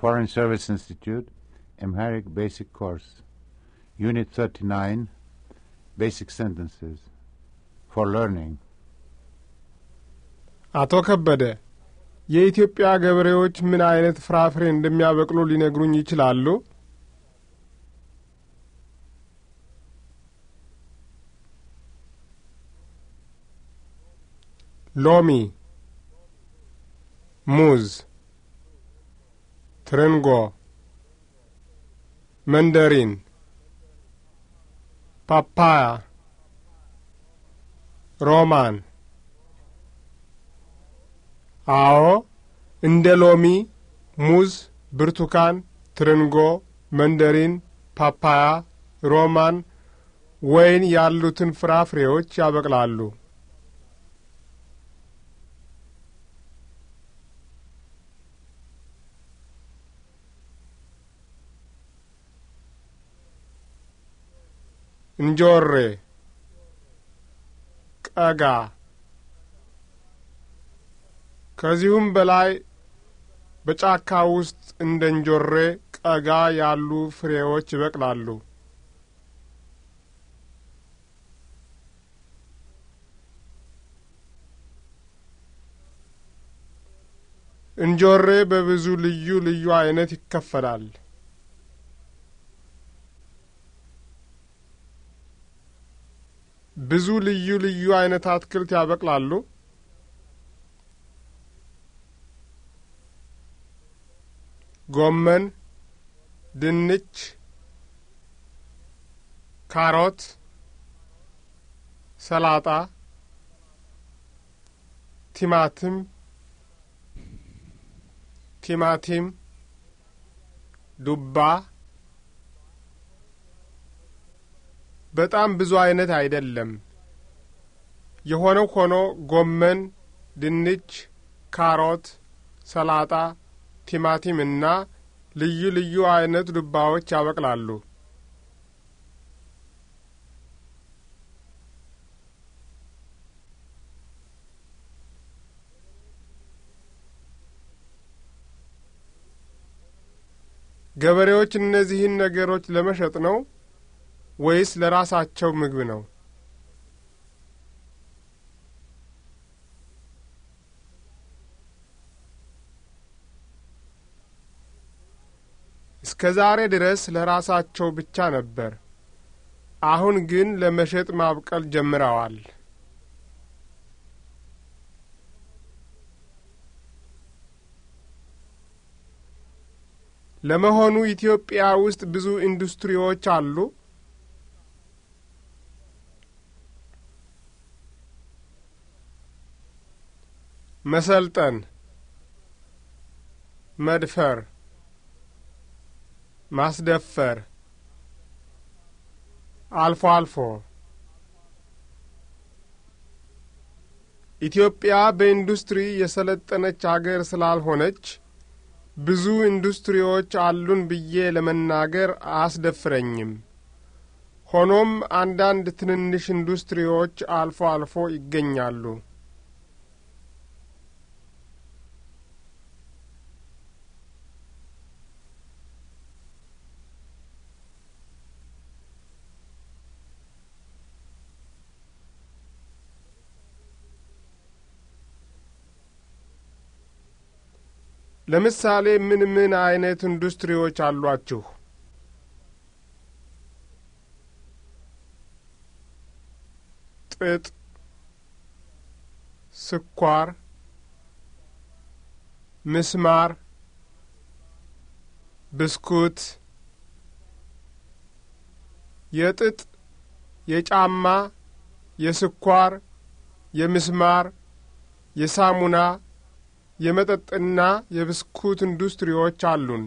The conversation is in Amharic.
Foreign Service Institute, Amharic Basic Course, Unit 39, Basic Sentences, for Learning. አቶ ከበደ የኢትዮጵያ ገበሬዎች ምን አይነት ፍራፍሬ እንደሚያበቅሉ ሊነግሩኝ ይችላሉ? ሎሚ፣ ሙዝ ትርንጎ፣ መንደሪን፣ ፓፓያ፣ ሮማን። አዎ፣ እንደ ሎሚ፣ ሙዝ፣ ብርቱካን፣ ትርንጎ፣ መንደሪን፣ ፓፓያ፣ ሮማን፣ ወይን ያሉትን ፍራፍሬዎች ያበቅላሉ። እንጆሬ ቀጋ ከዚሁም በላይ በጫካ ውስጥ እንደ እንጆሬ ቀጋ ያሉ ፍሬዎች ይበቅላሉ። እንጆሬ በብዙ ልዩ ልዩ አይነት ይከፈላል። ብዙ ልዩ ልዩ አይነት አትክልት ያበቅላሉ። ጎመን፣ ድንች፣ ካሮት፣ ሰላጣ፣ ቲማቲም ቲማቲም፣ ዱባ በጣም ብዙ አይነት አይደለም። የሆነው ሆኖ ጎመን፣ ድንች፣ ካሮት፣ ሰላጣ፣ ቲማቲም እና ልዩ ልዩ አይነት ዱባዎች ያበቅላሉ። ገበሬዎች እነዚህን ነገሮች ለመሸጥ ነው ወይስ ለራሳቸው ምግብ ነው? እስከ ዛሬ ድረስ ለራሳቸው ብቻ ነበር። አሁን ግን ለመሸጥ ማብቀል ጀምረዋል። ለመሆኑ ኢትዮጵያ ውስጥ ብዙ ኢንዱስትሪዎች አሉ? መሰልጠን መድፈር ማስደፈር አልፎ አልፎ ኢትዮጵያ በኢንዱስትሪ የሰለጠነች አገር ስላልሆነች ብዙ ኢንዱስትሪዎች አሉን ብዬ ለመናገር አያስደፍረኝም። ሆኖም አንዳንድ ትንንሽ ኢንዱስትሪዎች አልፎ አልፎ ይገኛሉ። ለምሳሌ ምን ምን አይነት ኢንዱስትሪዎች አሏችሁ? ጥጥ፣ ስኳር፣ ምስማር፣ ብስኩት፣ የጥጥ፣ የጫማ፣ የስኳር፣ የምስማር፣ የሳሙና የመጠጥና የብስኩት ኢንዱስትሪዎች አሉን።